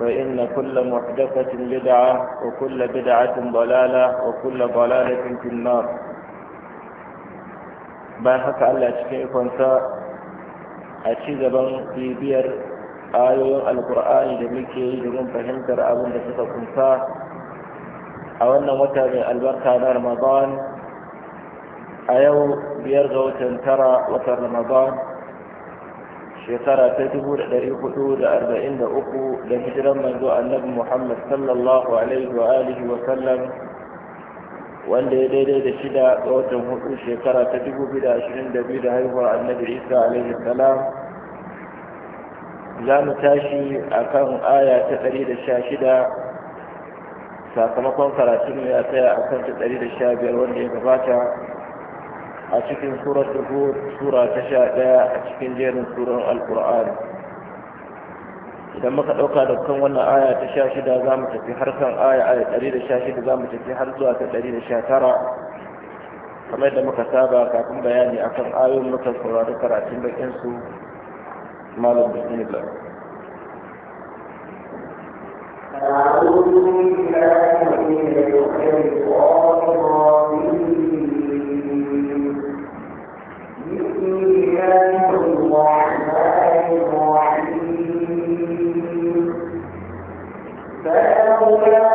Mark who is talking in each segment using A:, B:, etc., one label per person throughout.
A: فإن كل محدثة بدعة وكل بدعة ضلالة وكل ضلالة في النار باحث على أشكي كنت أشيغبا في بير آية القرآن جميكي لمن فهمتر أبن دفتا كنت أولنا متى من البركة رمضان أيو بيرغو تنترى وتر رمضان shekara ta dubu da ɗari hudu da arba'in da uku da hijiran manzo annabi muhammad sallallahu alaihi wa alihi wa sallam wanda ya daidai da shida ga hudu shekara ta dubu biyu da ashirin da biyu da haihuwa annabi isa alaihi salam za mu tashi a kan aya ta ɗari da sha shida sakamakon karatun ya tsaya a kan ta ɗari da sha biyar wanda ya gabata a cikin surar duhur sura ta sha ɗaya a cikin jerin surar alkur'ani idan muka ɗauka da wannan aya ta sha shida za mu tafi har kan aya aya ɗari da sha shida za mu tafi har zuwa ta ɗari da sha tara kamar yadda muka saba kafin bayani akan ayoyin muka saurari karatun bakin su malam bismillah
B: أعوذ بالله من الشيطان الرجيم Thank you.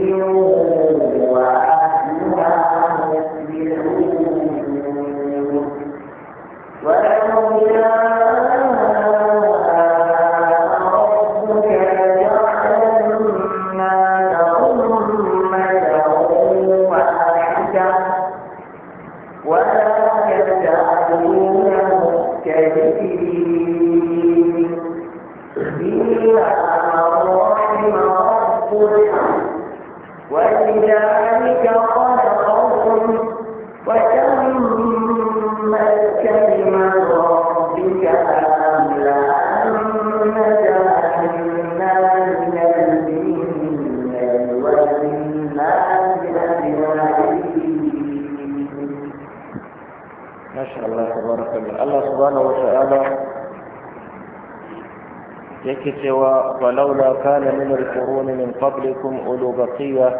A: الله سبحانه وتعالى يكتوى ولولا كان من القرون من قبلكم أولو بقية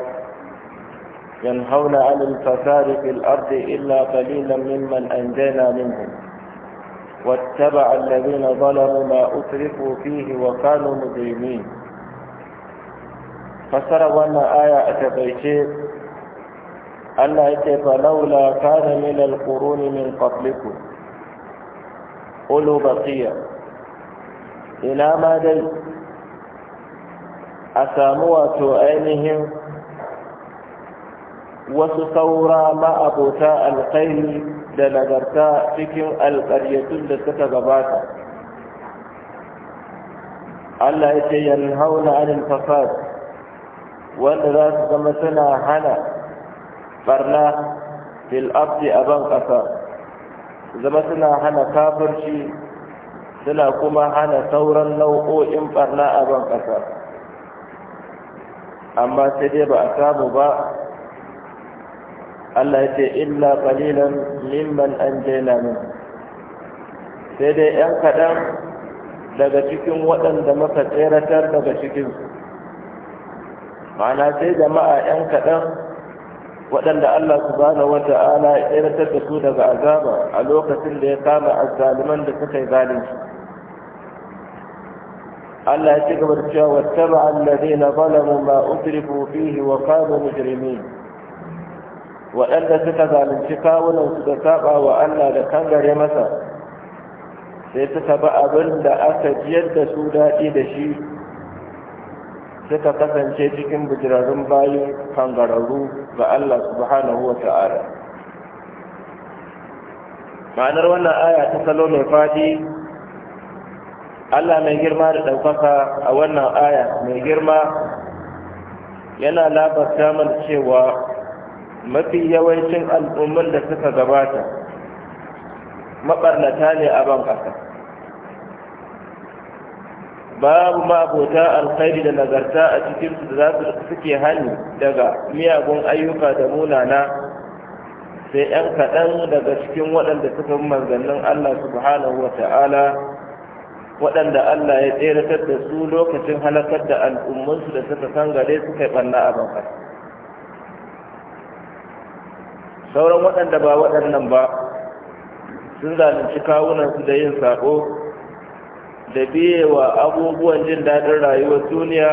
A: ينهون عن الفساد في الأرض إلا قليلا ممن أنجينا منهم واتبع الذين ظلموا ما أترفوا فيه وكانوا مجرمين فسروا أن آية أتبعتي أن أتبع لولا كان من القرون من قبلكم ulu baqiya ina ma dai a samu wato ainihin wasu saura ma'abota alkhairi da nagarta cikin alƙaryatun da suka gabata Allah ya ce yanhauna anil fasad wanda za su zama suna hana barna fil abdi a ban ƙasa zama suna hana kafirci suna kuma hana sauran nau'o'in barna a ban ƙasa amma sai dai ba a samu ba Allah ya ce illa qalilan mimman anjayna min sai dai yan kaɗan daga cikin waɗanda muka tseratar daga cikin ma'ana sai jama'a yan kaɗan waɗanda Allah subhanahu wata'ala ya tsiratar da su daga azaba a lokacin da ya kama azzaliman da suka yi zalunci Allah ya ci gaba da cewa wattaba alladhina zalamu ma usrifu fihi wa kanu mujrimin waɗanda suka zalunci kawunan su da saba wa Allah da kangare masa sai suka ba abin da aka jiyar da su daɗi da shi suka kasance cikin bujirarrun bayi kangararru ga Allah subhanahu wa ta'ala ma'anar wannan aya ta salo mai fadi Allah mai girma da ɗaukaka a wannan aya mai girma yana labarta mana cewa mafi yawancin al'ummar da suka gabata maɓarnata ne a ban ƙasa babu ma abota alkhairi da nagarta a cikin su da za su suke hani daga miyagun ayyuka da munana sai yan kaɗan daga cikin waɗanda suka yi manzannin Allah subhanahu wa ta'ala waɗanda Allah ya tseratar da su lokacin halakar da al'ummansu da suka gare su kai ɓanna a bankan sauran waɗanda ba waɗannan ba sun zalunci kawunansu da yin saƙo da biyewa abubuwan jin daɗin rayuwar duniya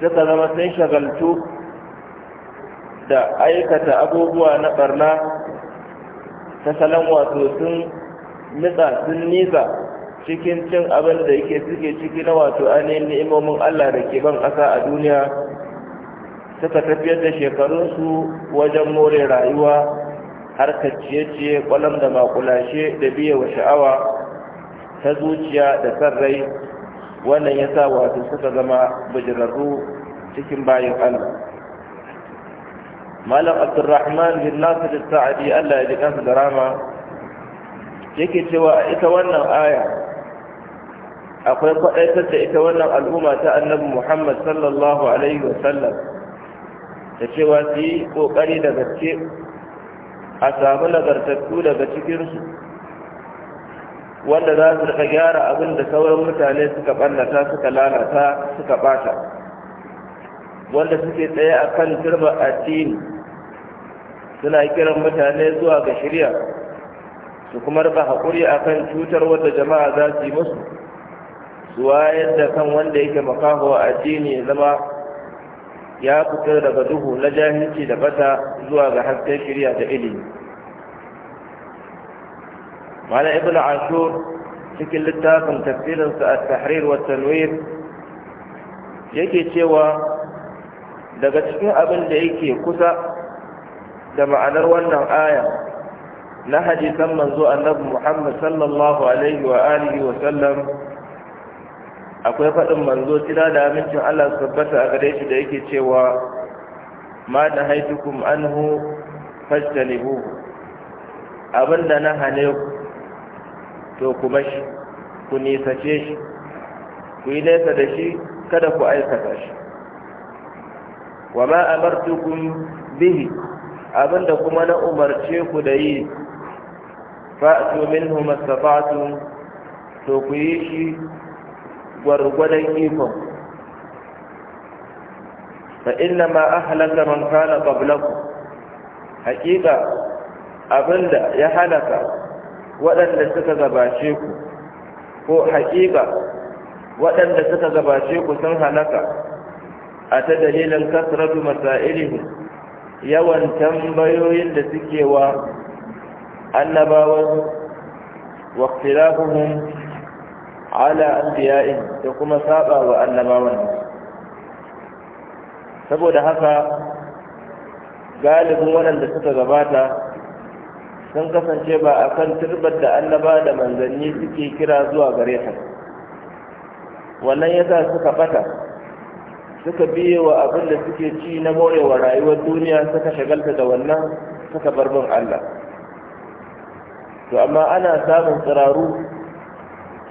A: suka zama sun shagaltu da aikata abubuwa na ɓarna ta salon wato sun nitsa sun nisa cikin cin abin da yake suke ciki na wato ainihin ni'imomin Allah da ke ban ƙasa a duniya suka tafiyar da shekarunsu wajen more rayuwa harkar ciye-ciye kwalam da makulashe da biyewa sha'awa ta zuciya da sarrai wannan ya sa wato suka zama bijirarru cikin bayan Allah malam abdurrahman bin nasir sa'adi Allah ya ji kansa da rama yake cewa ita wannan aya akwai kwaɗaitar da ita wannan al'umma ta annabi muhammad sallallahu alaihi wasallam da cewa su yi ƙoƙari da gaske a samu nagartattu daga cikinsu wanda za su rika gyara abin da sauran mutane suka ɓannata suka lalata suka ɓata wanda suke tsaye a kan turba addini suna kiran mutane zuwa ga shirya su kuma rika haƙuri a kan cutar wadda jama'a za su yi musu su wayar da kan wanda yake makaho addini ya zama ya fitar daga duhu na jahilci da bata zuwa ga hasken shirya da ilimi mala ibn ashur cikin littafin tafsirinsa a tahrir wa tanwir yake cewa daga cikin abin da yake kusa da ma'anar wannan aya na hadisan manzo annabi Muhammad sallallahu alaihi wa alihi wa sallam akwai faɗin manzo tira da amincin Allah su tabbata a gare shi da yake cewa ma da haitukum anhu fajtanibuhu abinda na hane ku to ku shi ku nisace shi ku yi nesa da shi kada ku aikata shi wa ma amartukum bihi abinda kuma na umarce ku da yi fa'tu minhu mastata'tum to ku yi shi gwargwadon ikon fa inna ma ahlaka man kana qablakum haqiqa abinda ya halaka waɗanda suka gabace ku ko haƙiƙa waɗanda suka gabace ku sun halaka a ta dalilin kasratu masailihu yawan tambayoyin da suke wa annabawan wa ala anbiya'in da kuma saba wa annabawan saboda haka galibin waɗanda suka gabata sun kasance ba a kan turbar da annaba da manzanni suke kira zuwa gare ta wannan ya sa suka bata suka biye wa abin da suke ci na morewa rayuwar duniya suka shagalta da wannan suka bar bin Allah to amma ana samun tsiraru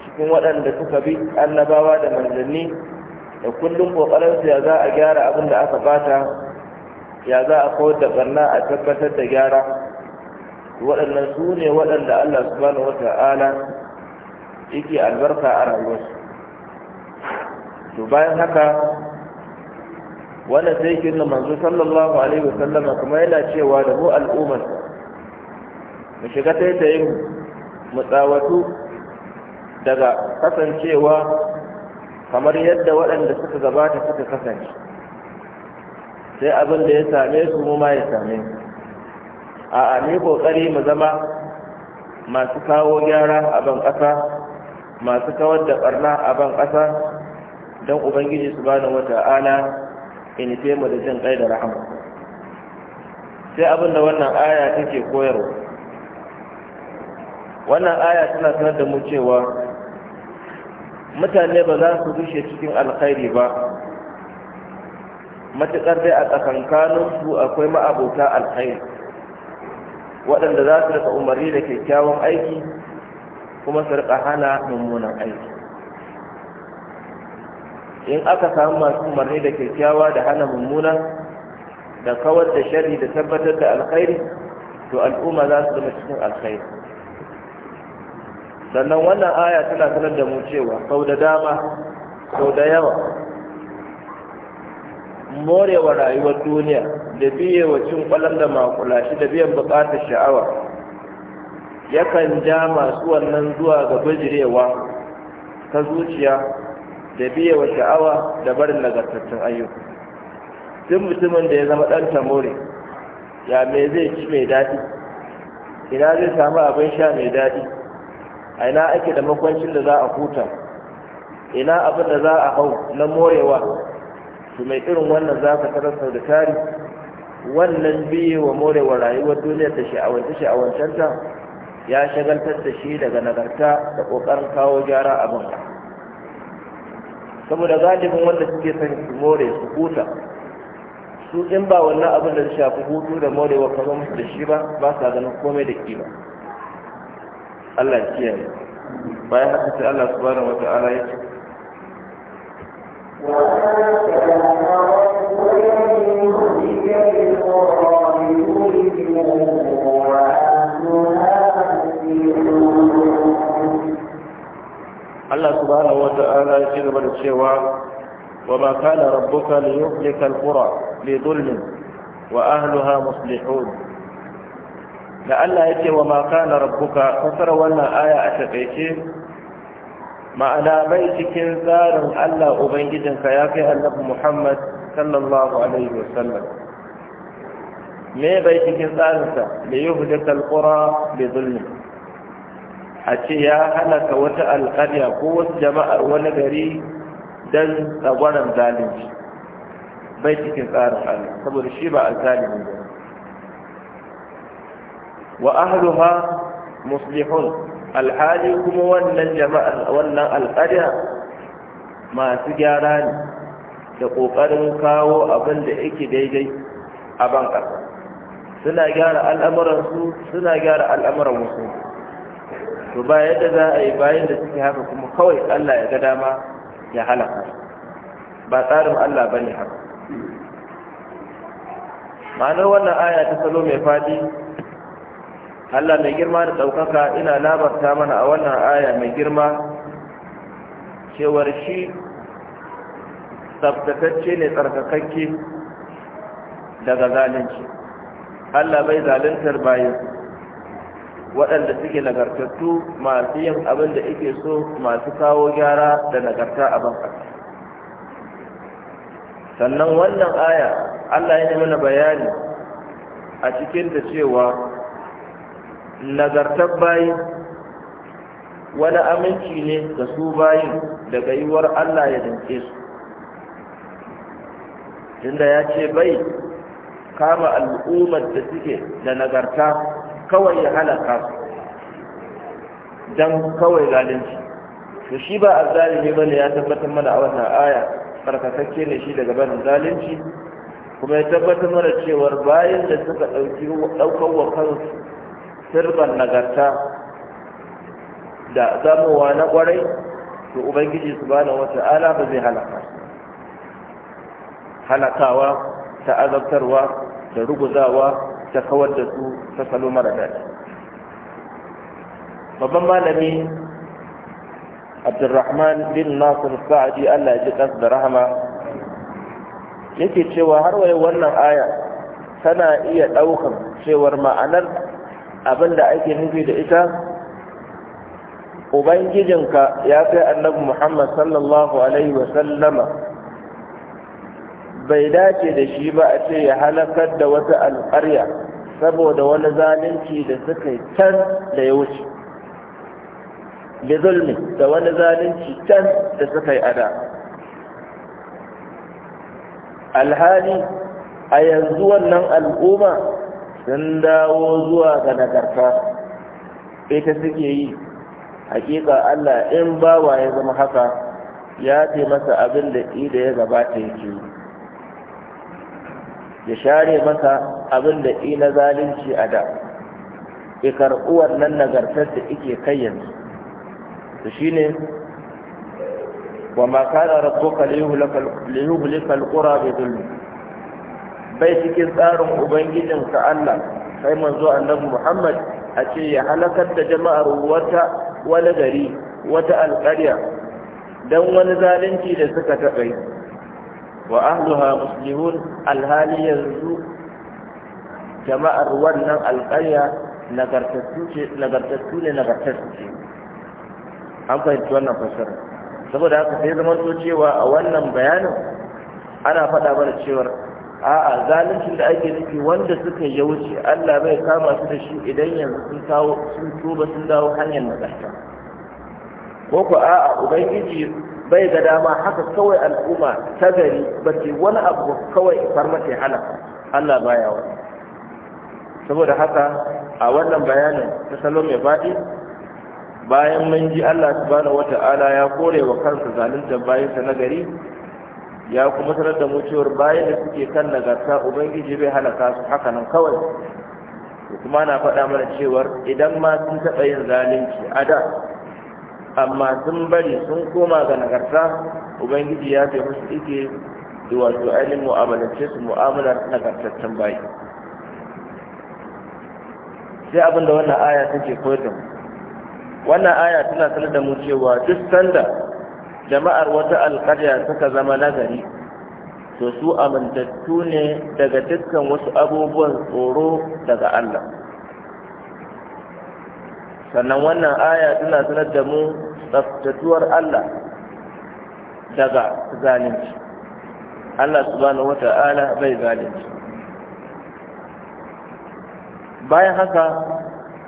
A: cikin waɗanda suka bi annabawa da manzanni da kullum ƙoƙarinsu ya za a gyara abin da aka bata ya za a kawar da barna a tabbatar da gyara waɗannan su ne waɗanda Allah subhanahu wa ta'ala yake albarka a rayuwarsu to bayan haka wannan sai yake nuna manzo sallallahu alaihi wasallam kuma yana cewa da mu al'ummar mu shiga taitayin mu tsawatu daga kasancewa kamar yadda waɗanda suka gabata suka kasance sai abin da ya same su mu ma ya same su a'a ne kokari mu zama masu kawo gyara a ban ƙasa masu kawar da ɓarna a ban ƙasa don ubangiji su bani wata'ala in fe mu da jin ƙai da rahama sai abin da wannan aya take koyarwa wannan aya tana sanar da mu cewa mutane ba za su rushe cikin alkhairi ba matuƙar dai a su akwai ma'abota alkhairi waɗanda za su rika umarni da kyakkyawan aiki kuma su rika hana mummunan aiki in aka samu masu umarni da kyakkyawa da hana mummuna da kawar da shari da tabbatar da alkhairi to al'umma za su zama cikin alkhairi sannan wannan aya tana sanar da mu cewa sau da dama sau da yawa morewa rayuwar duniya da biye wa cin kwallon da shi da biyan bukatar sha'awa yakan ja masu wannan zuwa ga bijirewa ta zuciya da biye wa sha'awa da barin nagartattun ayyuka Tun mutumin da ya zama ɗan tamore ya me zai ci mai daɗi ina zai samu abin sha mai daɗi a ina ake da makwancin da za a huta ina abin da za a hau na morewa to mai irin wannan za ka tarar sau da tari wannan biye wa wa rayuwar duniyar da sha'awance sha'awancenta ya shagaltar da shi daga nagarta da ƙoƙarin kawo gyara abin saboda galibin wanda suke son su more su huta su in ba wannan abin da shafi hutu da morewa kama musu da shi ba ba sa ganin komai da kima Allah ya kiyaye bayan haka sai Allah subhanahu wata'ala ya ce Allah subhanahu wa ta'ala ya ci gaba da cewa wa ma kana rabbuka li yuhlika al-qura bi dhulmin wa ahliha muslihun da Allah ya ce wa ma kana rabbuka fasara wannan aya a takeice ma'ana bai cikin tsarin Allah Ubangijinka ya kai annabi Muhammad sallallahu alaihi wasallam me bai cikin tsarinsa da yi hujjatar ƙura da zulmi a ce ya halaka wata alƙarya ko wasu jama'ar wani gari don tsagwaron zalunci bai cikin tsarin Allah saboda shi ba a zalimi ba wa ahluha muslihun alhali kuma wannan jama'a wannan alƙarya masu gyara ne da ƙoƙarin kawo abin da yake daidai a banka suna gyara al'amuransu suna gyara al'amuran wasu to ba yadda za a yi bayan da suke haka kuma kawai allah ya ga dama ya halaka ba tsarin allah ba ne haka ma'anar wannan aya ta salo mai fadi. Allah mai girma da ɗaukaka ina labarta mana a wannan aya mai girma cewar shi tsabtatacce ne tsarkakakke daga zalunci Allah bai zaluntar bayan waɗanda suke nagartattu masu yin abin da ike so masu kawo gyara da nagarta a banka sannan wannan aya Allah ya mana bayani a cikin da cewa nagartar bayi wani aminci ne ga su bayin daga yiwuwar Allah ya dinke su tunda ya ce bai kama al'ummar da suke da nagarta kawai ya halaka su don kawai zalunci to shi ba a zalimi ba ne ya tabbatar mana a wannan aya tsarkakakke ne shi daga barin zalunci kuma ya tabbatar mana cewar bayan da suka ɗauki ɗaukar wa kansu sirban nagarta da zamowa na kwarai to ubangiji subhanahu wata'ala ba zai halaka halakawa ta azabtarwa da ruguzawa ta kawar da su ta salo mara dadi babban malami abdurrahman bin nasir sa'adi allah ji ƙas da rahama yake cewa har wayo wannan aya tana iya ɗaukar cewar ma'anar abinda ake nufi da ita ubangijinka ya kai annabi muhammad sallallahu alaihi wasallama bai dace da shi ba a ce ya halakar da wata alƙarya saboda wani zalunci da suka yi can da ya wuce da zulmi da wani zalunci can da suka yi ada alhali a yanzu wannan al'umma sun dawo zuwa ga nagarta ita suke yi hakika Allah in bawa ya zama haka ya ce masa abin da ida ya gabata yake ya share masa abin da ina zalunci a da karɓi wannan nagartar da ike kai yanzu shi ne wa ma ka rabbuka liyuhlikal qura bi bai cikin tsarin ubangijinka Allah kai manzo annabi Muhammad a ce ya halakar da jama'ar wata wani gari wata alƙarya don wani zalunci da suka taɓa yi wa ahluha muslimun alhali yanzu jama'ar wannan alƙarya nagartattu ne nagartattu ce an fahimci wannan fasara saboda haka sai zama cewa a wannan bayanin ana faɗa mana cewar a'a zaluncin da ake nufi wanda suka ya wuce Allah bai kama su da shi idan yanzu sun sun tuba sun dawo hanyar nagarta ko ko a'a ubangiji bai ga dama haka kawai al'umma ta gari ba ce wani abu kawai far mace halaka Allah baya wani saboda haka a wannan bayanin ta salo mai faɗi bayan mun ji Allah subhanahu wata'ala ya kore wa kansa zalunta bayansa na gari ya kuma sanar da mu cewar bayan da suke kan nagarta ubangiji bai halaka su haka nan kawai to kuma na faɗa mana cewar idan ma sun taɓa yin zalunci a da amma sun bari sun koma ga nagarta ubangiji ya fi musu ike da wato ainihin mu'amalance su mu'amalar nagartaccen bayi sai abin da wannan aya take koyar da mu wannan aya tana sanar da mu cewa duk sanda jama'ar wata alƙarya suka zama nagari to su amintattu ne daga dukkan wasu abubuwan tsoro daga Allah sannan wannan aya tana sanar da mu tsaftatuwar Allah daga zalunci Allah subhanahu wata'ala bai zalunci bayan haka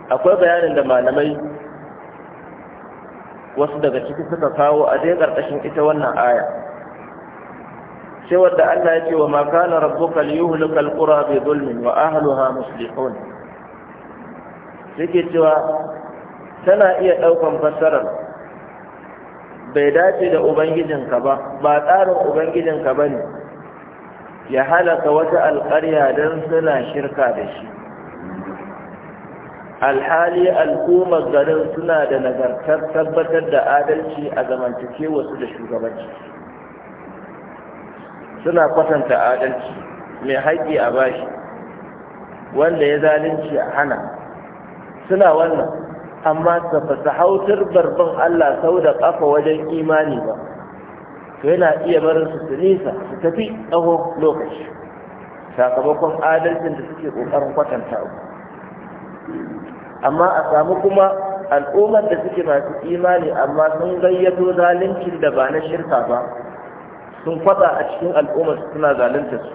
A: akwai bayanin da malamai wasu daga ciki suka kawo a dai ƙarƙashin ita wannan aya sai wadda Allah ya ce wa makana rabbuka liyuhlika alqura bi zulmin wa ahliha muslihun yake cewa tana iya daukan fassarar bai dace da ubangijinka ba ba tsarin ubangijinka bane ya halaka wata alƙarya don suna shirka da shi alhali al'ummar garin suna da nagartar tabbatar da adalci a zamantake wasu da shugabanci suna kwatanta adalci mai haƙƙi a bashi wanda ya zalunci a hana suna wannan amma ba su hautar barban Allah sau da ƙafa wajen imani ba to yana iya barin su su nisa su tafi tsawon lokaci sakamakon adalcin da suke ƙoƙarin kwatanta amma a samu kuma al'ummar da suke masu imani amma sun gayyato zaluncin da ba na shirka ba sun kwatsa a cikin al'ummar suna zalunta su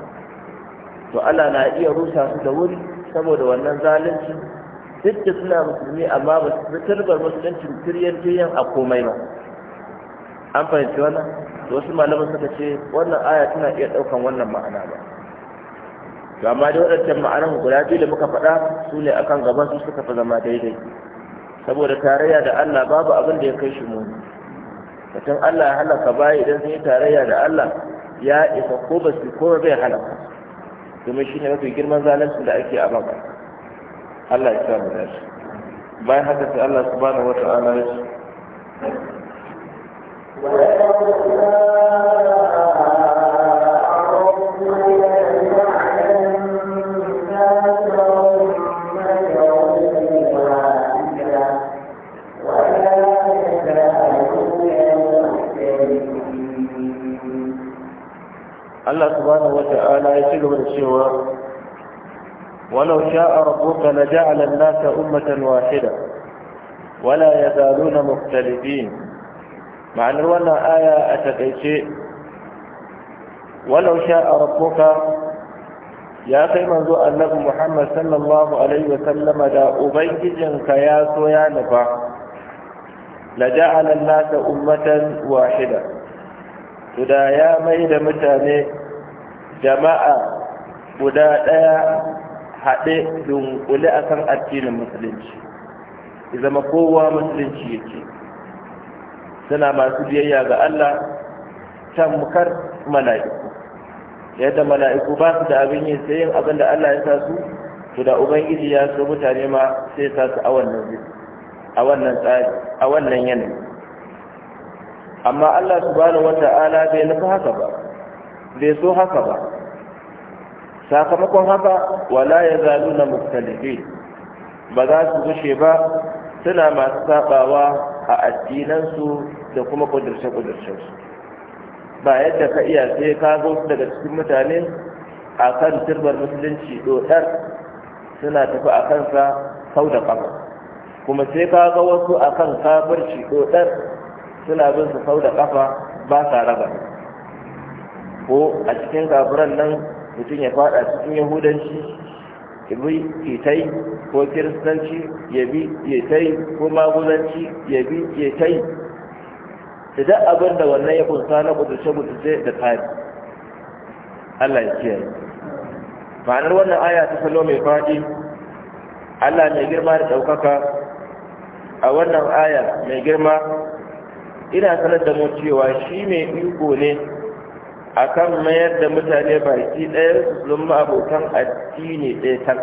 A: to Allah na iya rusa su da wuri saboda wannan zalunci duk da suna musulmi amma ba su tarbar musuluncin tiryan tiryan a komai ba an fahimci wannan wasu malaman suka ce wannan aya tana iya ɗaukan wannan ma'ana ba to amma dai waɗancan ma'anar guda biyu da muka faɗa su ne akan gaban su suka fi zama daidai saboda tarayya da Allah babu abin da ya kai shi muni mutum Allah ya halaka bayi idan sun yi tarayya da Allah ya isa ko ba su ko bai halaka domin shi ne mafi girman zalunci da ake a Allah ya samu shi. bayan haka sai Allah subhanahu wa ya
B: ce
A: ta'ala ya ci gaba da cewa walau sha'a rabbuka la ja'ala an-nasa ummatan wahida wala yazaluna mukhtalifin ma'anar wannan aya a takaice walau sha'a rabbuka ya kai manzo annabi Muhammad sallallahu alaihi wa sallama da ubangijinka ya so ya nufa la ja'ala an-nasa ummatan wahida to da ya mai da mutane jama'a guda ɗaya haɗe dunkule a kan addinin musulunci zama kowa musulunci yake suna masu biyayya ga Allah mukar mala'iku yadda mala'iku ba su da abin yin sai yin abin da Allah ya sa su to da ubangiji ya so mutane ma sai sa su a wannan a wannan tsari a wannan yanayi amma Allah subhanahu wata'ala bai nufi haka ba bai so haka ba sakamakon haka wala ya zalu na muktalifi ba za su gushe ba suna masu sabawa a addinansu da kuma kudurce-kudurcensu ba yadda ka iya sai ka zo daga cikin mutane a kan turbar musulunci dodar suna tafi a kansa sau da ƙafa kuma sai ka ga wasu a kan kafirci dodar suna bin su sau da ƙafa ba sa raba ko a cikin kafiran nan mutum ya fada cikin yahudanci ya bi itai ko kiristanci ya bi itai ko magunanci ya bi itai da duk abin da wannan ya kunsa na kuduce-kuduce da tsari Allah ya ciyar. ma'anar wannan aya ta salo mai faɗi Allah mai girma da ɗaukaka a wannan aya mai girma ina sanar da mu cewa shi mai iko ne akan mayar da mutane baki ɗaya su zama abokan addini ɗaya tan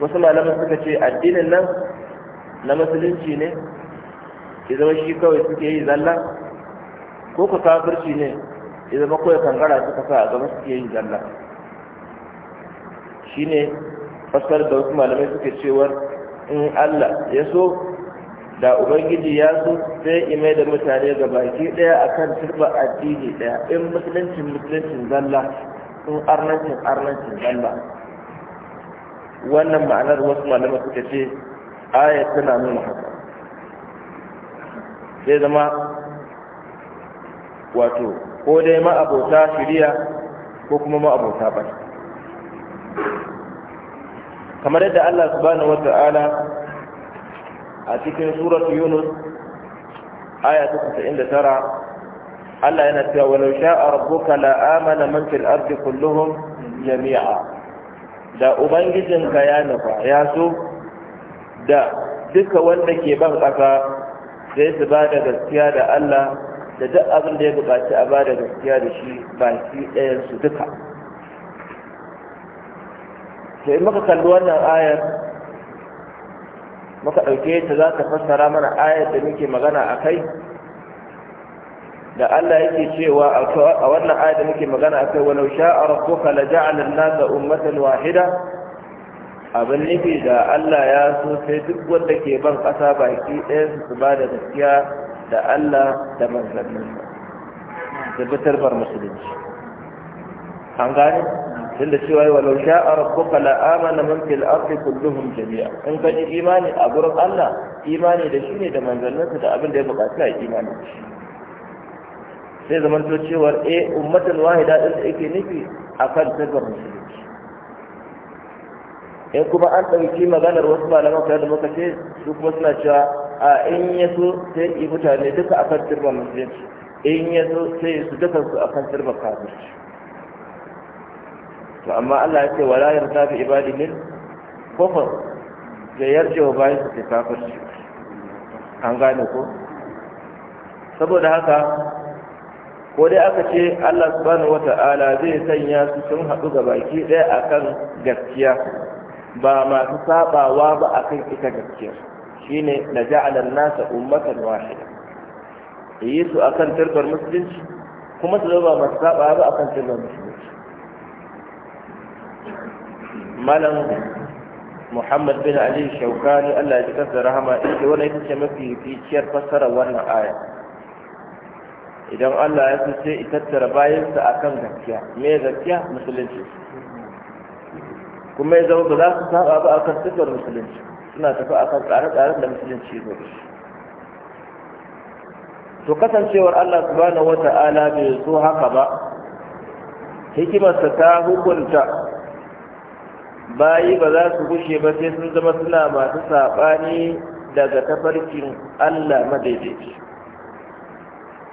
A: wasu malaman suka ce addinin nan na musulunci ne ya zama shi kawai suke yi zalla ko ka kafirci ne ya zama kawai kankara suka sa a gaba suke yi zalla shi ne fasar da wasu malamai suke cewar in allah ya so da ubangiji ya zo sai imai da mutane ga baki daya akan turba addini daya in musulunci musuluncin zalla in arnancin arnancin zalla wannan ma'anar wasu malama suka ce aya tana nuna haka sai zama wato ko dai ma'abota shiriya ko kuma ma'abota ba kamar yadda Allah subhanahu wata'ala a cikin suratu yunus aya ta tara, Allah yana cewa walau sha'a rabbuka la amana man fil ardi kulluhum jami'a da ubangijin ka ya nufa ya so da duka wanda ke ban kasa sai su bada da gaskiya da Allah da duk abin da ya bukaci a ba da gaskiya da shi baki ɗayan su duka sai muka kalli wannan ayar muka ɗauke ta za ta fassara mana ayat da muke magana a kai da Allah yake cewa a wannan ayat da muke magana a kai walau sha'a rabbuka la ja'ala an-nasa ummatan wahida abin nufi da Allah ya so sai duk wanda ke ban ƙasa baki ɗaya su ba da gaskiya da Allah da manzanninsa da bitar bar musulunci an gane tunda cewa yi walau a rabbuka kala amana man fil ardi kulluhum jami'a in ka ji imani a gurin Allah imani da shi ne da manzanninsa da abin da ya buƙaci a imani sai zaman cewar A eh, ummatan ummatul wahida din da yake nufi akan tagar musulunci in kuma an ɗauki maganar wasu malaman kayan da muka ce su kuma suna cewa a in ya so sai yi mutane duka akan turban musulunci in ya so sai su dukansu akan turban kafirci to amma Allah ya ce la yarda bi ibadi min kufr ya yarje wa ta su kafirci an gane ko saboda haka ko dai aka ce Allah subhanahu wata'ala zai sanya su sun haɗu ga baki ɗaya akan gaskiya ba masu sabawa ba akan ita gaskiya shine na ja'alan nasa ummatan wahida yi su akan turbar musulunci kuma su zama masu sabawa ba akan turbar musulunci malam muhammad bin ali shaukani allah ya ji kansa rahama ita wani ita ce mafi ficiyar fassarar wannan aya idan allah ya so sai tattara bayansa akan gaskiya me gaskiya musulunci kuma ya zama ba za su saba ba akan sifar musulunci suna tafi akan tsare-tsaren da musulunci ya to kasancewar allah subhanahu wata'ala bai so haka ba hikimarsa ta hukunta bayi ba za su gushe ba sai sun zama suna masu saɓani daga tafarkin Allah madaidaici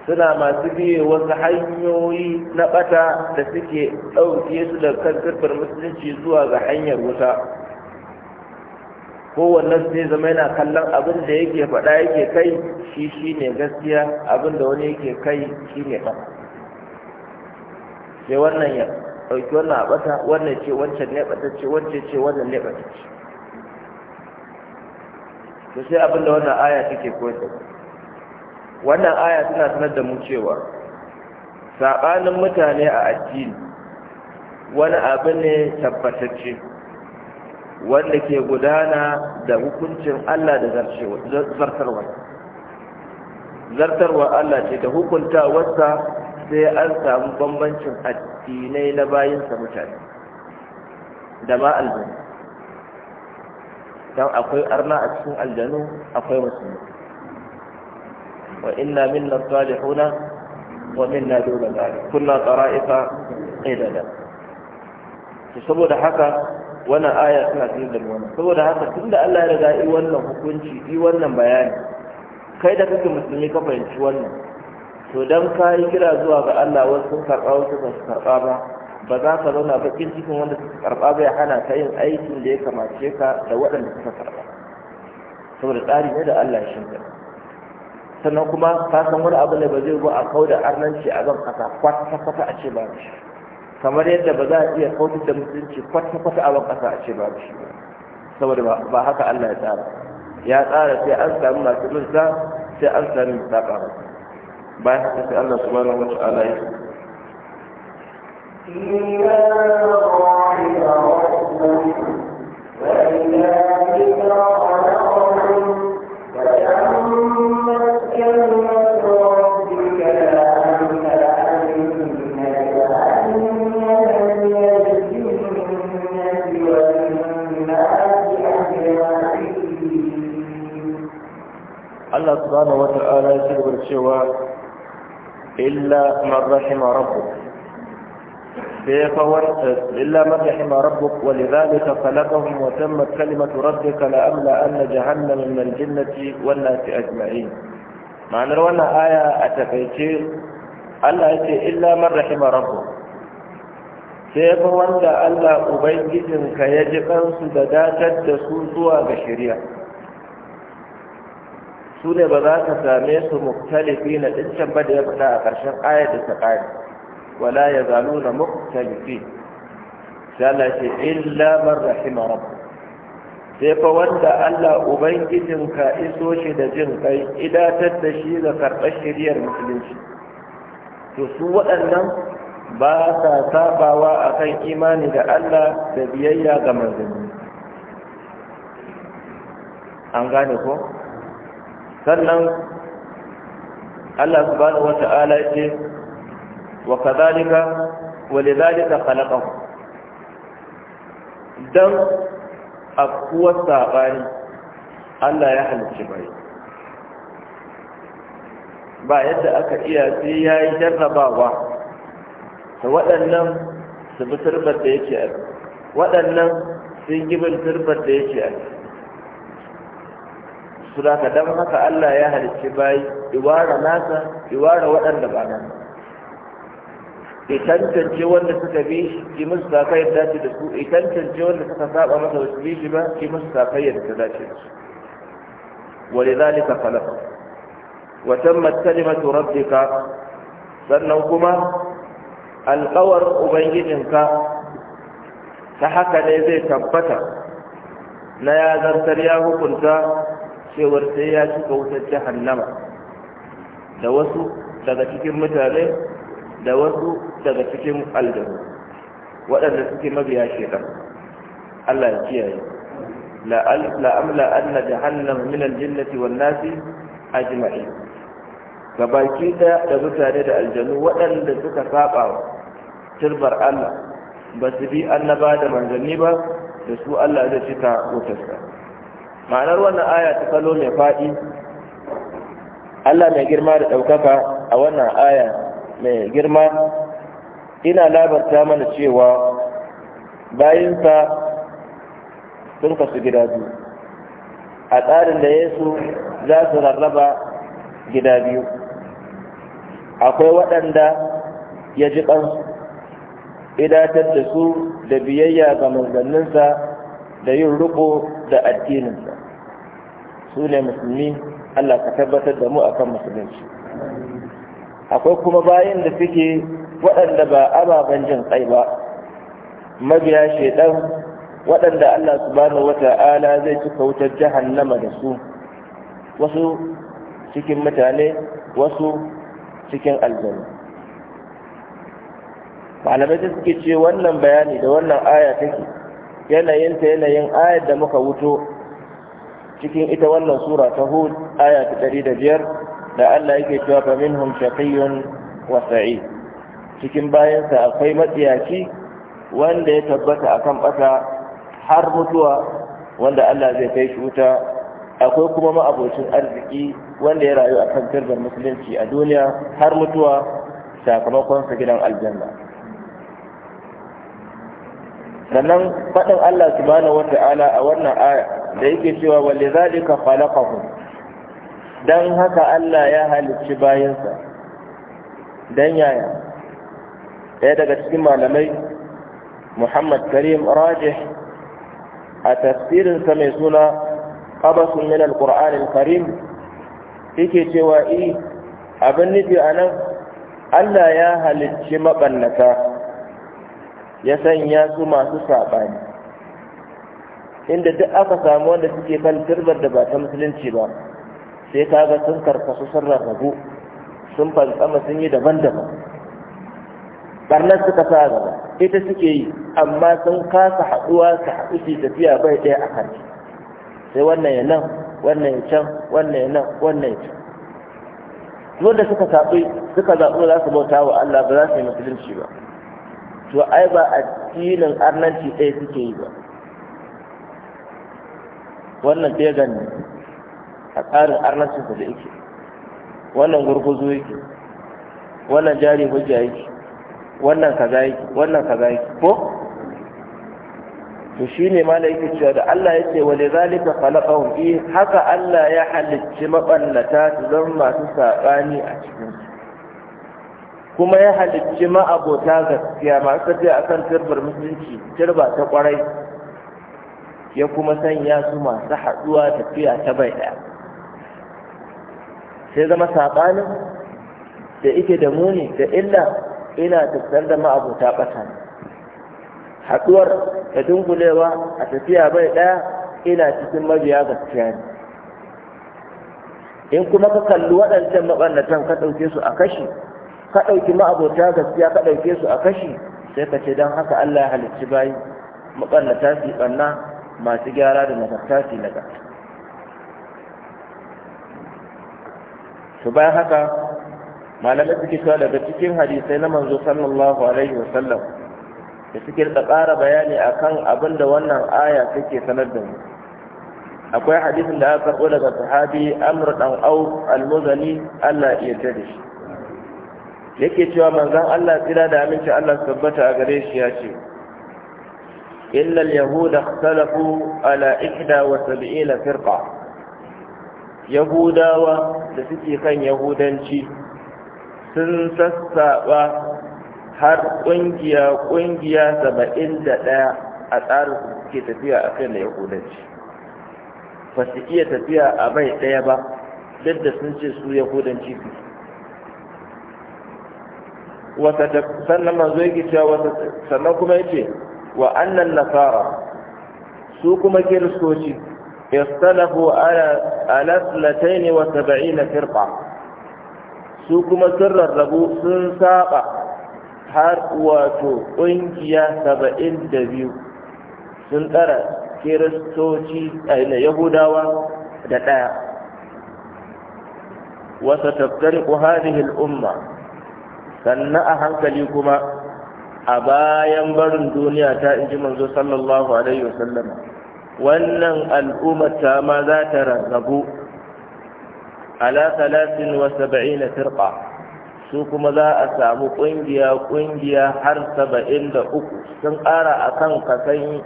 A: suna masu biye wasu hanyoyi na ɓata da suke ɗauke su da kan karfar musulunci zuwa ga hanyar wuta kowannen zai zama yana kallon abin da yake faɗa yake kai shi shi ne gaskiya abin da wani yake kai shi ne ɗan sai wannan yau ɗauki wannan a ɓata wannan ce wancan ne ce, wancan ce wannan ne ce. to sai abin da wannan aya take koyar wannan aya tana sanar da mu cewa saɓanin mutane a addini wani abu ne tabbatacce wanda ke gudana da hukuncin Allah da zartarwa zartarwa Allah ce da hukunta wasa sai an samu bambancin addinai na bayinsa mutane da ma aljanu don akwai arna a cikin aljanu akwai musulmi wa inna minna salihuna wa minna dole zari kunna tsara'ifa idada to saboda haka wannan aya suna cikin da saboda haka tunda Allah ya riga yi wannan hukunci yi wannan bayani kai da kake musulmi ka fahimci wannan to dan ka yi kira zuwa ga Allah wasu sun karɓa wasu ba su karɓa ba ba za ka zauna kin cikin wanda suka karɓa ba ya hana ka yin aikin da ya kamace ka da waɗanda suka karɓa saboda tsari ne da Allah ya shinka sannan kuma ka san wani abu ne ba zai zo a kau da arnanci a zan kasa kwata-kwata a ce ba shi kamar yadda ba za a iya kautar da musulunci kwata-kwata a zan kasa a ce ba shi saboda ba haka Allah ya tsara ya tsara sai an sami masu mulka sai an sami saƙa bayan haka sai Allah subhanahu wa ta'ala ya Allah subhanahu wa ta'ala ya ce cewa
B: illa
A: man rahima rabbuk sai illa man rahima rabbuk wa lidhalika khalaqahum wa tammat kalimatu rabbika la amla anna jahannama min al-jannati wan nasi ajma'in ma'anar wannan aya a ya ce illa man rahima rabbuk sai fa wanda Allah ubangijinka ya ji kansu da datar da su zuwa ga shirya. su ne ba za ka same su muktalifi na dukkan ba da ya faɗa a ƙarshen ayar da ta ƙari wala ya zalu na muktalifi sai Allah ce illa man rahima rabbuka sai fa wanda Allah Ubangijinka iso shi da jin kai idatar da shi ga karɓar shiriyar musulunci to su waɗannan ba sa sabawa a kan imani da Allah da biyayya ga manzanni an gane ko sannan Allah subhanahu wata'ala ce wa kadhalika wa lidhalika khalaqahu dan akuwar sabani Allah ya halicci bai ba yadda aka iya sai yayi jarrabawa ta waɗannan su bi turbar da yake a waɗannan sun gibin turbar da yake a su ka don haka Allah ya halicci bayi iwara nasa iwara waɗanda ba nan ya tantance wanda suka bi shi ki musu sakayyar dace da su ya tantance wanda suka saba masa wasu bi shi ba ki musu yadda da dace da su ولذلك خلق وتمت كلمة ربك Ta haka ne zai tabbata. Na ya يذر ya hukunta. cewar sai ya cika wutar jahannama da wasu daga cikin mutane da wasu daga cikin aljanu waɗanda suke mabiya shekar Allah ya kiyaye la'amla anna jahannam min aljinnati wan nasi ajma'i baki da da mutane da aljanu waɗanda suka saba turbar Allah ba su bi annaba da manzanni ba da su Allah zai cika wutarsa ma'anar wannan aya ta salo mai faɗi Allah mai girma da ɗaukaka a wannan aya mai girma ina labarta mana cewa bayinsa sun kasu gida biyu a tsarin da yesu za su rarraba gida biyu akwai waɗanda ya ji ƙansu idatar da su da biyayya ga manzanninsa da yin riko da addininsa su ne musulmi Allah ka tabbatar da mu akan musulunci akwai kuma bayan da suke waɗanda ba ababen jin tsai ba mabiya shaidan waɗanda Allah subhanahu wata'ala zai cika wutar nama da su wasu cikin mutane wasu cikin aljanu malamai ta suke ce wannan bayani da wannan aya take yanayinta yanayin ayar da muka wuto cikin ita wannan sura ta hud aya ta ɗari da biyar da allah yake cewa fa minhum shaqiyyun wa sa'id cikin bayansa akwai matsiyaci wanda ya tabbata akan bata har mutuwa wanda allah zai kai shi wuta akwai kuma ma'abocin arziki wanda ya rayu kan turbar musulunci a duniya har mutuwa sakamakon sa gidan aljanna sannan faɗin allah subhanahu wata'ala a wannan aya da yake cewa wali zalika khalaqahum dan haka Allah ya halicci bayansa dan yaya ɗaya daga cikin malamai Muhammad Karim Rajih a tafsirinsa mai suna qabasun min al-Qur'an al-Karim yake cewa i eh, abin nufi anan Allah ya halicci mabannata ya sanya su masu saɓani inda duk aka samu wanda suke kan turbar da ba ta musulunci ba sai kaga sun karkasu sun rarrabu sun fantsama sun yi daban-daban barnar suka sa gaba ita suke yi amma sun kasa haɗuwa su haɗu su tafiya bai ɗaya a kan sai wannan ya nan wannan ya can wannan ya nan wannan ya can wanda suka zaɓi suka zaɓi za su bauta wa Allah ba za su yi musulunci ba to ai ba addinin arnanci ɗaya suke yi ba wannan tegan a tsarin arnacinsa da yake wannan gurguzu yake wannan jari hujja yake wannan kaza yake wannan kaza yake ko to shi shine mala yake cewa da Allah ya ce wale zalika khalaqahum fi eh, haka Allah ya halicci maballata su zan masu sabani a cikin kuma ya halicci ma'abota gaskiya masu tafiya akan turbar musulunci turba ta kwarai ya kuma sanya su masu haɗuwa tafiya ta bai ɗaya sai zama saɓanin da ike da muni da illa ina tattar da ma'abuta ɓata haɗuwar da dungulewa a tafiya bai ɗaya ina cikin mabiya gaskiya ne in kuma ka kalli waɗancan maɓannatan ka ɗauke su a kashi ka ɗauki ma'abota gaskiya ka ɗauke su a kashi sai ka ce don haka Allah ya halicci bayi maɓannata su ɓanna masu gyara da nagarta daga. su bayan haka malamai suke cewa daga cikin hadisai na manzo sallallahu alaihi wasallam da suke da ƙara bayani akan abin da wannan aya take sanar da mu akwai hadisin da aka karɓo daga sahabi amr dan au almuzani Allah ya yarda da shi yake cewa manzon Allah tsira da aminci Allah tabbata a gare shi ya ce إن اليهود اختلفوا على إحدى وسبعين فرقة يهودا وتسكي كان يهودا شي سنسسا har ƙungiya ƙungiya saba'in da ɗaya a tsarin suke tafiya a kan da yahudanci ba su iya tafiya a bai ɗaya ba duk da sun ce su yahudanci su sannan manzo yake cewa sannan kuma yace wa annan nasara su kuma kiristoci istalafu ala thalathaini wa sab'ina firqa su kuma sun rarrabu sun saba har wato kungiya 72 sun tsara kiristoci eh, na yahudawa da ɗaya. wasa tattariku hadhihi al-umma sannan a hankali kuma a bayan barin duniya ta inji manzo sallallahu alaihi wasallam wannan al'ummar ta ma za ta rarrabu ala 73 firqa su kuma za a samu kungiya kungiya har 73 sun ƙara akan kasan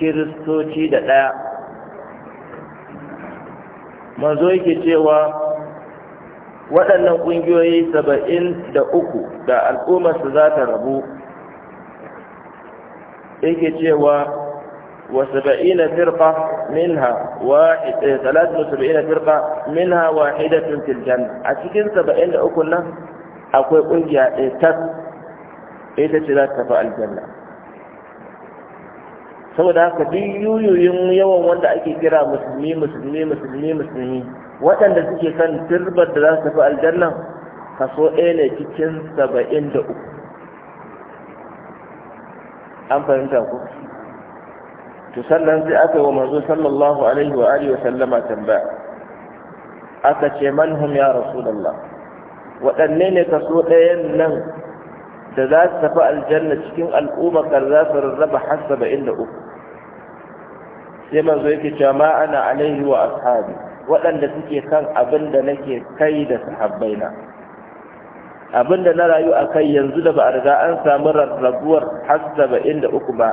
A: kiristoci da ɗaya manzo yake cewa waɗannan ƙungiyoyi saba'in da uku da al'ummarsu za ta rabu yake cewa wa saba'ina firqa minha wahid 73 eh, firqa minha wahidatun fil janna a cikin uku nan akwai kungiya ɗaya tas ita ce za ta tafi aljanna saboda haka duk yuyuyin yawan wanda ake kira musulmi musulmi musulmi musulmi waɗanda suke kan turbar da za su tafi aljanna kaso ɗaya ne cikin saba'in da uku an fahimta ku to sannan sai aka yi wa manzo sallallahu alaihi wa alihi wa sallama tambaya aka ce man hum ya rasulullah waɗanne ne kaso ɗayan nan da za su tafi aljanna cikin al'umma kan za su rarraba har saba'in da uku sai manzo yake cewa ma ana alaihi wa ashabi waɗanda suke kan abin da nake kai da sahabbaina abinda na rayu a kai yanzu da ba a riga an samu rarrabuwar har saba'in da uku ba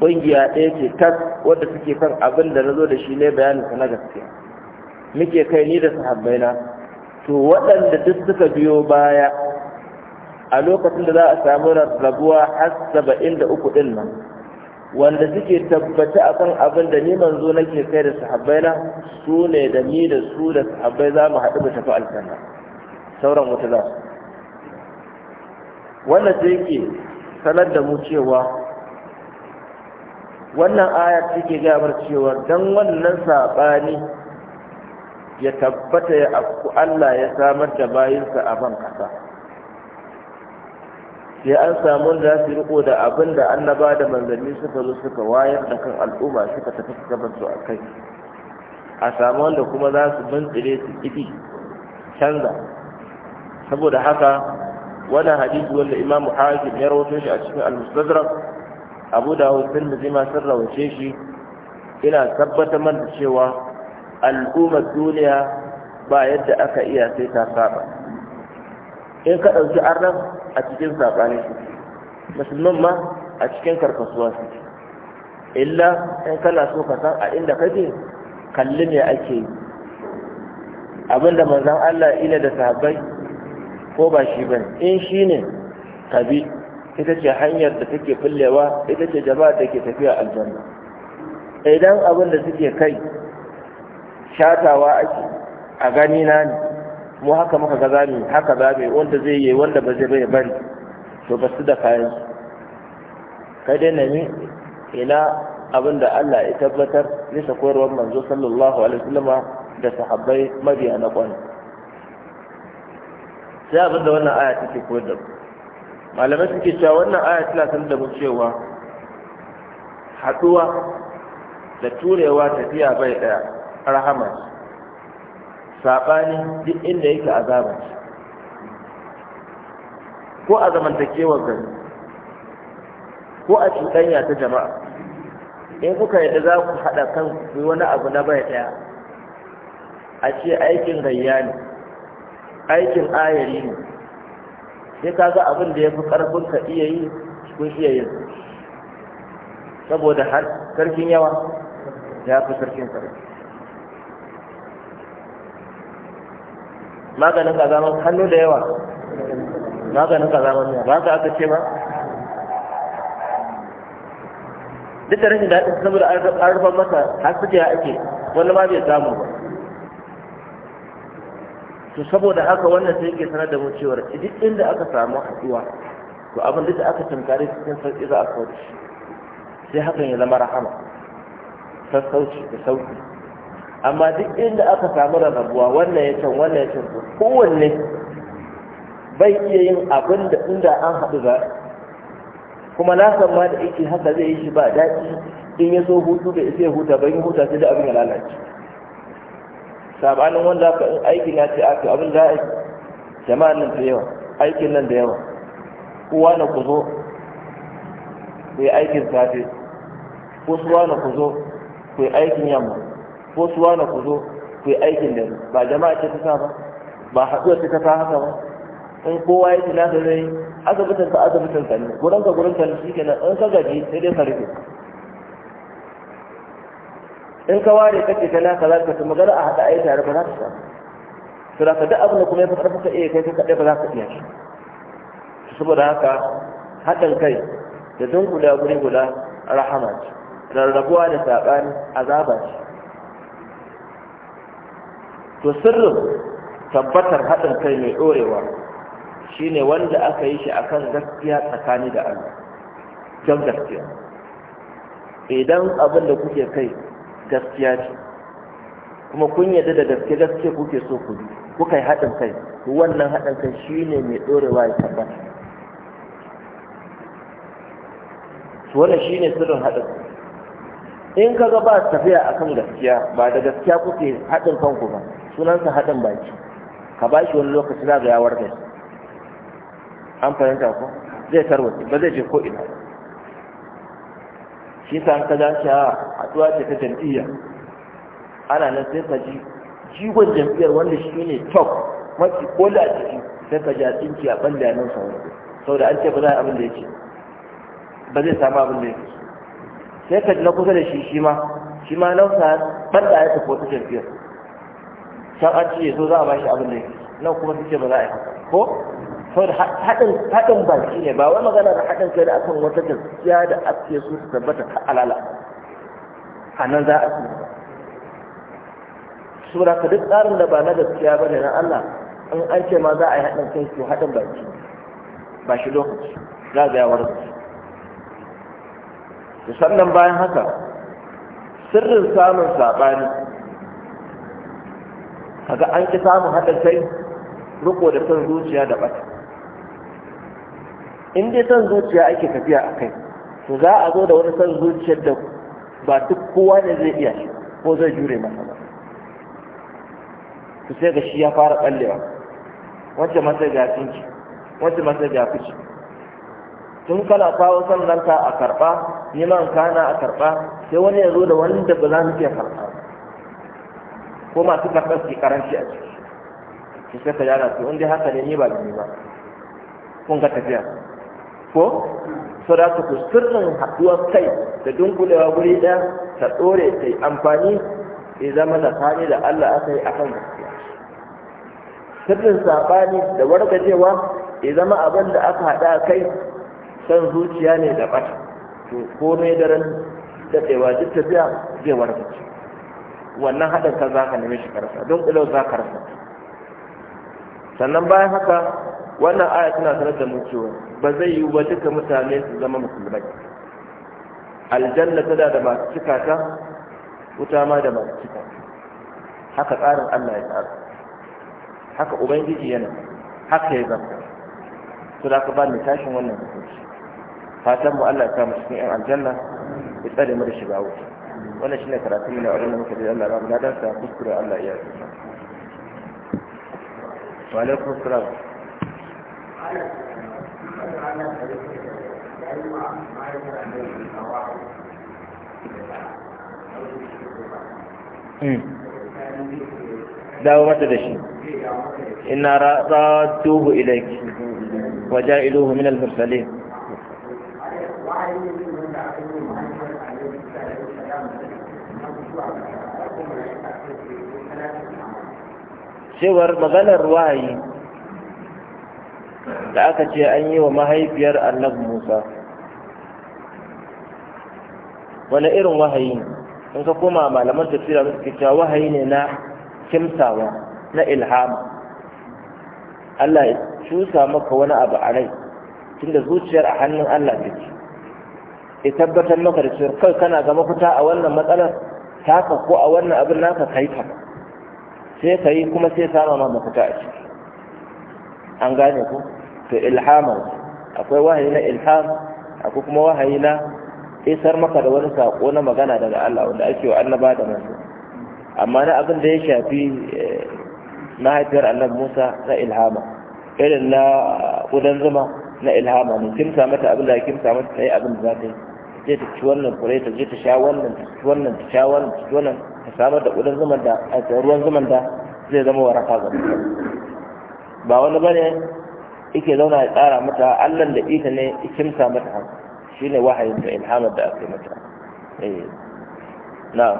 A: ƙungiya ɗaya ce tas wadda suke kan abin da na zo da shi ne bayanin sa na gaske muke kai ni da sahabbaina to waɗanda duk suka biyo baya a lokacin da za a samu rarrabuwa har saba'in da uku ɗin nan wanda suke tabbata kan abin da ni manzo nake kai da sahabbaina su ne da ni da su da sahabbai za mu haɗu mu tafi aljanna sauran wata za su. wannan sai yake sanar da mu cewa wannan ayar take gabar cewa don wannan saɓani ya tabbata ya afku Allah ya samar da bayinsa a ban ƙasa sai an samu da su riko da abin da annaba da manzanni suka zo suka wayar da kan al'umma suka tafi suka bar su a kai a samu wanda kuma za su bintsire su ƙiɗi canza saboda haka wannan hadisi wanda imamu hakim ya rawato shi a cikin al-mustadrak abu dawud bin zima sun rawace shi ina tabbatar man da cewa al'ummar duniya ba yadda aka iya sai ta saba in ka ɗauki arnab a cikin saɓani su musulman ma a cikin karkasuwa su illa in kana so ka san a inda kake kalli ne ake yi abinda manzon Allah ila da sahabbai ko ba shi ba in shi ne ka ita ce hanyar da take fillewa ita ce jama'a da ke tafiya aljanna idan abin da suke kai shatawa ake a gani na ne mu haka muka ga zami haka zami wanda zai yi wanda ba zai bai bari to ba su da kayan su kai dai nemi ina abin da Allah ya tabbatar bisa koyarwar manzo sallallahu alaihi wasallama da sahabbai mabiya na kwana sai abin da wannan aya take koyar da malamai suke cewa wannan aya tana sanar da mu cewa haɗuwa da turewa tafiya bai ɗaya rahama saɓani duk inda yake azaba ko a zamantakewar gari ko a cuɗanya ta jama'a in kuka yadda za ku haɗa kan wani abu na bai ɗaya a ce aikin gayya ne aikin ayari ne sai ka ga abin da ya fi ƙarfin ka iya yi kun iya yin saboda har sarkin yawa ya fi ƙarfin sarki maganin ka zama hannu da yawa maganin ka zama ne ba ka aka ce ba duk da rashin daɗin saboda an rufa masa har suke ya ake wani ma bai samu ba to saboda haka wannan sai yake sanar da mu cewa duk inda aka samu haɗuwa to abin duk da aka tunkare cikin sauƙi za a shi sai hakan ya zama rahama sassauci da sauƙi amma duk inda aka samu rarrabuwa wannan ya can wannan ya can to kowanne bai iya yin abin da inda an haɗu ba, kuma na san ma da yake haka zai yi shi ba daɗi in ya so hutu da ya huta ban huta sai da abin ya lalace sabanin wanda aka in aikin ya ce aka abin da aiki jama'an nan da yawa aikin nan da yawa kowa na ku zo ku yi aikin safe ko suwa na ku zo ku yi aikin yamma ko suwa na ku zo ku yi aikin dare ba jama'a ce ta sa ba ba haɗuwar ce ta sa haka ba in kowa ya ce nasa zai asibitin ka asibitin ka ne gurin ka gurin ka shi kenan in ka gaji sai dai ka rufe in ka ware kake ta naka za ka magana a haɗa a yi tare ba za ka samu to da ka duk abin da kuma ya fi ka iya kai ka kaɗai ba za ka iya shi saboda haka haɗin kai da dunkula guri guda rahama ce rarrabuwa da saɓani azaba ce to sirrin tabbatar haɗin kai mai ɗorewa shine wanda aka yi shi akan gaskiya tsakani da Allah jan gaskiya idan abin da kuke kai gaskiya ce kuma kun yadda da gaske gaske kuke so ku bi kuka yi haɗin kai wannan haɗin kai shi ne mai ɗorewa ya tabbata wannan ne sirrin haɗin in ka ga ba tafiya kan gaskiya ba da gaskiya kuke haɗin kanku ba sunansa haɗin baki ka ba shi wani lokaci za ga ya an fahimta ko zai tarwata ba zai je ko ina ba shi yasa ka dace a tuwa ce ta jam'iyya ana nan sai ka ji jigon jam'iyyar wanda shi ne top mafi kola a ciki sai ka ji a tsinci a ɓalle a nan sau da an ce ba za a abin da ya ce ba zai samu abin da ya ce sai ka ji na kusa da shi shi ma shi ma nan sa ɓalla ya tafi wata jam'iyyar can an ce so za a ba shi abin da ya ce nan kuma su ce ba za a yi haka ko saboda haɗin baki ne ba wani magana da haɗin kai da akan wata gaskiya da ake so su tabbata ta alala a nan za a su sura ka duk tsarin da ba na gaskiya ba ne na Allah in an ce ma za a yi haɗin kai to haɗin baki ba shi lokaci za ga yawar da sannan bayan haka sirrin samun saɓani kaga an ƙi samun haɗin kai riko da son zuciya da ɓata in dai san zuciya ake tafiya a kai su za a zo da wani san zuciyar da ba duk kowa ne zai iya ko zai jure masa ba su sai ga shi ya fara ɓallewa wacce masa ga cinci wacce masa ga fici tun kana kawo son ranka a karɓa neman kana a karɓa sai wani ya zo da da ba za mu iya karɓa ko masu karɓar ke karanci a ciki Su sai ka yara su wanda haka ne ni ba ni ba kun ga tafiya ko so da ku sirrin haɗuwar kai da dunkulewa guri ɗaya ta ɗore ta yi amfani ya zama tsakani da Allah aka yi a kan gaskiya sirrin saɓani da wargajewa ya zama abin da aka haɗa kai son zuciya ne da ɓata to komai daren daɗewa duk tafiya zai wargaje wannan haɗin ka za ka nemi shi karsa don ƙilau za ka rasa sannan bayan haka wannan aya tana sanar da mu cewa ba zai yi ba duka mutane su zama musulmai aljanna tana da masu cika ta wuta ma da masu cika haka tsarin Allah ya tsara haka ubangiji yana haka ya zama to da ka ba ni tashin wannan hukunci fatan mu Allah ya sa mu cikin yan aljanna ya tsare mu da shiga wuta wannan shine karatun mu na wannan muka Allah ya ba mu sa kuskure Allah ya yi wa alaikum assalam Hmm. dawo mata da shi
B: ina radduhu ilayki wa
A: ja'iluhu min al cewar maganar wahayi da aka ce an yi wa mahaifiyar annabi musa wani irin wahayi ne in ka koma malaman tafsira da suke cewa wahayi ne na kimsawa na ilhama Allah ya cusa maka wani abu a rai tunda zuciyar a hannun Allah ce. ya tabbatar maka da cewa kai kana ga mafita a wannan matsalar taka ko a wannan abin naka kai ta sai ka yi kuma sai sama ma mafita a ciki an gane ku to ilhamar akwai wahayi na ilham akwai kuma wahayi na isar maka da wani sako na magana daga Allah wanda ake wa annaba da manzo amma na abin da ya shafi eh, mahaifiyar annabi Musa na ilhama irin na kudan zuma na ilhama ne kimsa ta abin da kimsa ta sai abin da za ta yi zai ta ci wannan kure ta je ta sha wannan ta ci wannan ta sha wannan ta ci wannan ta samar da kudan zuman da ruwan zuman da zai zama waraka ga ba wani bane yake zauna ya tsara mata allan da ita ne kimsa mata shi ne wahayin da ilhamar da ake mata eh. na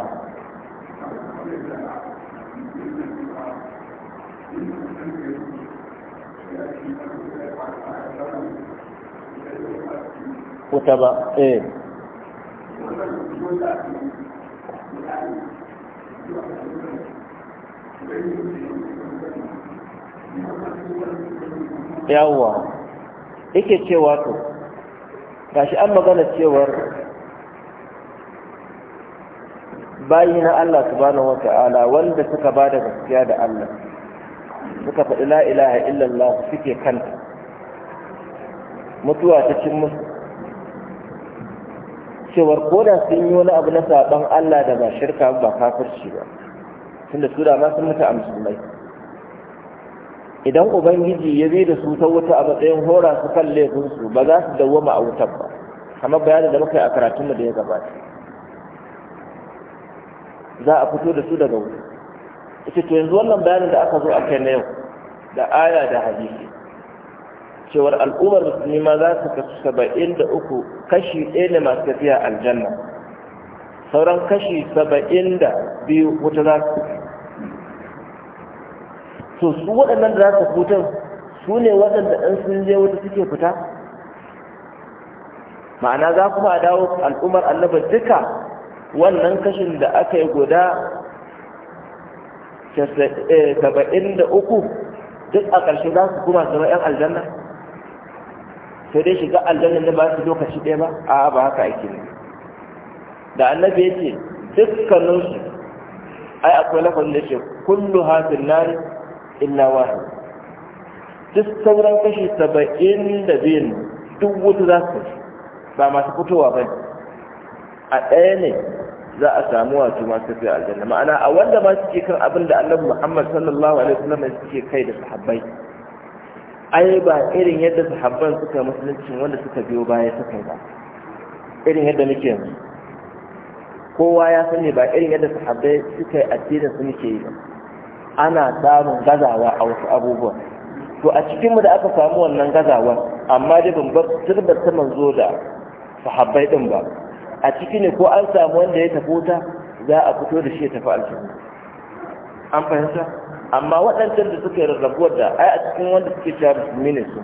A: wuta ba eh
B: Thank you.
A: yawwa yake cewa to gashi an magana cewar bayi na Allah subhanahu ta'ala wanda suka ba da gaskiya da Allah suka faɗi la ilaha illallah suke kanta mutuwa ta cin musu cewar da sun yi wani abu na saɓon Allah da ba shirka ba kafirci ba tunda su da ma sun mutu a musulmai idan ubangiji ya zai da su ta wuta a matsayin hora su kan laifinsu ba za su dawwama a wutar ba kamar bayanin da muka yi a karatun da ya gabata za a fito da su daga wuta ita to yanzu wannan bayanin da aka zo a kai na yau da aya da hadisi cewar al'ummar musulmi ma za su kasu saba'in da uku kashi ɗaya ne masu tafiya aljanna sauran kashi saba'in da biyu wuta za su to su waɗannan da za su fito su ne waɗanda ɗan sun je wata suke fita ma'ana za kuma a dawo al'ummar annaba duka wannan kashin da aka yi guda saba'in da uku duk a ƙarshe za su kuma zama 'yan aljanna sai dai shiga aljanna da ba su lokaci ɗaya ba a ba haka ake ne da annabi ya ce dukkaninsu ai akwai lafazin da ce kullu hafin nari illa wahid duk sauran kashi saba'in da biyun duk wuta za su ba masu fitowa ba a ɗaya ne za a samu wato masu tafiya aljanna ma'ana a wanda ma suke kan abin da annabi muhammad sallallahu alaihi wasallam suke kai da sahabbai ai ba irin yadda sahabban suka musulunci wanda suka biyo baya suka yi ba irin yadda muke yanzu kowa ya sani ba irin yadda sahabbai suka yi addinin su muke yi ba ana samun gazawa a wasu abubuwa, to a cikinmu da aka samu wannan gazawa amma dai ban bar turbar ta manzo da sahabbai din ba a ciki ne ko an samu wanda ya tafi wuta za a fito da shi ya tafi aljanna an fahimta amma waɗancan da suka yi rarrabuwar da ai a cikin wanda suke cewa musulmi ne su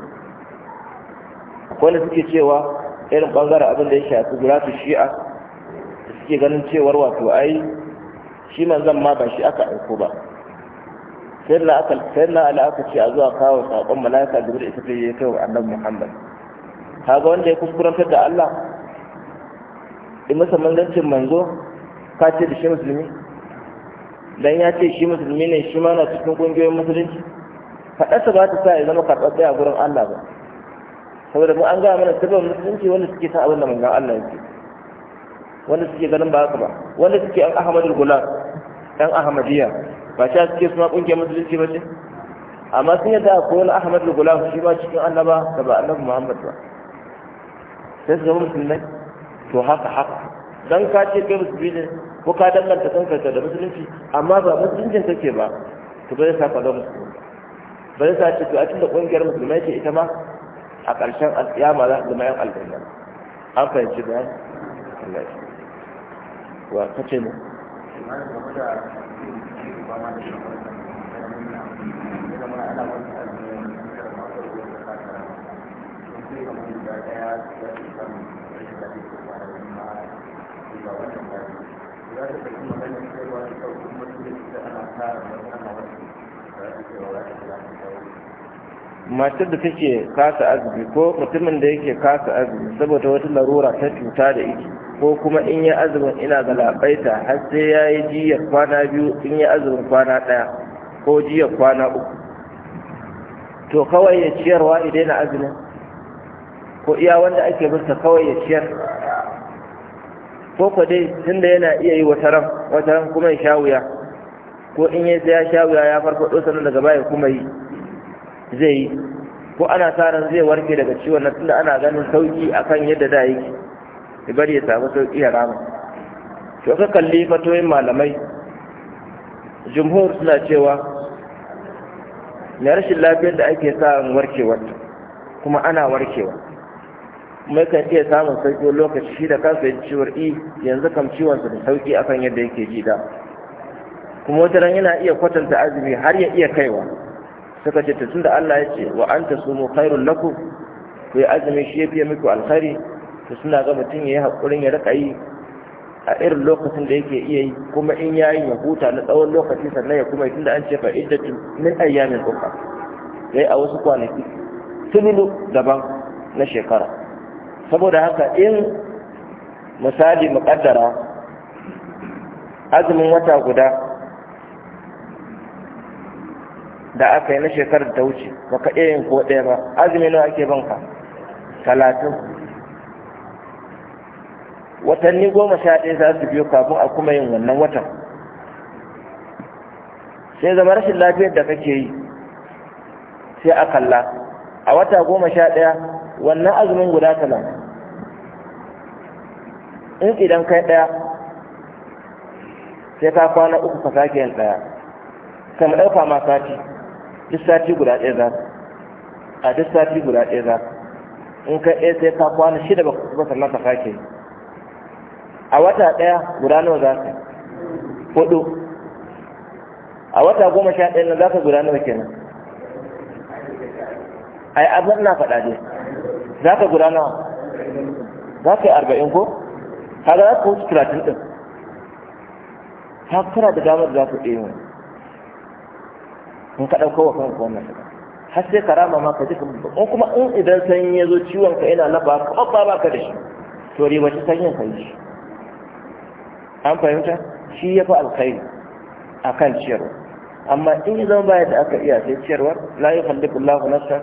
A: wanda suke cewa irin ɓangaren abin da ya shafi guratu shi'a da suke ganin cewar wato ai shi manzan ma ba shi aka aiko ba sai na ala aka ce a zuwa kawo saƙon mala'ika da ita ta yi kai wa annabi muhammad kaga wanda ya kuskurantar da allah in masa manzancin manzo ka ce da shi musulmi dan ya ce shi musulmi ne shi ma na cikin ƙungiyoyin musulunci faɗarsa ba ta sa ya zama karɓar karɓaɓɓe a gurin allah ba saboda mu an gaya mana sabon musulunci wanda suke sa abin da manzon allah yake wanda suke ganin ba haka ba wanda suke an ahmadul gulam ɗan ahmadiyya ba ta suke suna kungiyar musulunci ba ce amma sun yadda ko wani ahmad da gulam shi ba cikin annaba da ba annabi muhammad ba sai su zama musulmai to haka haka dan ka ce kai musulmi ne ko ka danganta kanka da musulunci amma ba musuluncin kake ba to ba sa ka zama musulmi ba zai sa ce to a cikin da kungiyar musulmai ce ita ma a ƙarshen alƙiyama za su zama yan aljanna an fahimci da Allah wa kace ne matar da take kasa azumi ko mutumin da yake kasa azumi saboda wata larura ta cuta da ita ko kuma in yi azumin ina galabaita har sai ya yi jiya kwana biyu in yi azumin kwana ɗaya ko jiya kwana uku to kawai ya ciyarwa idan na azumin ko iya wanda ake binsa kawai ya ciyar ko ko dai tunda yana iya yi wataran wataran kuma ya sha wuya ko in yi sai ya sha wuya ya farfaɗo sannan daga baya kuma yi zai yi ko ana sa ran zai warke daga ciwon na tunda ana ganin sauki akan yadda da yake ya bari ya samu sauƙi ya rama to ka kalli fatoyin malamai jumhur suna cewa na rashin lafiyar da ake sa warkewar kuma ana warkewa kuma kan iya samun sauƙi lokaci shi da kansa ya ciwon i eh, yanzu kam ciwonsa da sauƙi kan yadda yake ji da kuma wata ran yana iya kwatanta azumi har ya iya kaiwa suka ce tun da Allah ya ce wa anta sumu khairul lakum ku yi azumi shi ya fiye muku alkhairi to suna ga mutum ya yi haƙurin ya rika yi a irin lokacin da yake iya yi kuma in ya yi huta na tsawon lokaci sannan ya kuma yi da an ce fa min ayyamin ukhra Sai a wasu kwanaki tululu daban na shekara saboda haka in misali muƙaddara azumin wata guda da aka yi na shekarar ta wuce ba ka iya yin ko ɗaya ba azumi nawa ake banka talatin watanni goma sha ɗaya za su biyo kafin a kuma yin wannan watan sai zama rashin lafiyar da kake yi sai a kalla a wata goma sha ɗaya wannan azumin guda talatin in idan kai ɗaya sai ka kwana uku ka sake yin ɗaya mu ɗauka ma sati duk sati guda ɗaya za a duk sati guda ɗaya za in kai ɗaya sai ka kwana shida ba sannan ka sake yi a wata ɗaya guda nawa za ka hudu a wata goma sha ɗaya na za ka guda nawa kenan yi abin na faɗa ne za ka guda nawa za ka yi arba'in ko Haka za ka wuce talatin ɗin har da damar za ku ɗaya mai in ka ɗauko wa kanka wannan har sai ka rama ma ka ji in kuma in idan sanyi ya zo ciwon ka yana ba ka ba ba ka da shi to riba shi sanyin ka yi shi an fahimta shi ya fi alkhairi a kan ciyarwa amma in zama bayan da aka iya sai ciyarwar la yi kula ku nasa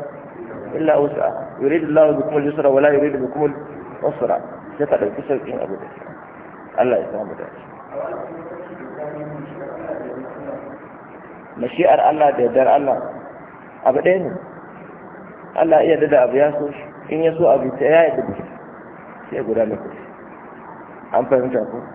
A: illa wasu a yuri da bi kuma yusura wala yuri da kuma wasura sai ka ɗauki sauƙin abu da Allah ya samu shi. mashi'ar Allah da yardar Allah abu ɗaya ne Allah iya da abu ya so in ya so abu ta ya yi da sai na kuɗi. an fahimta ko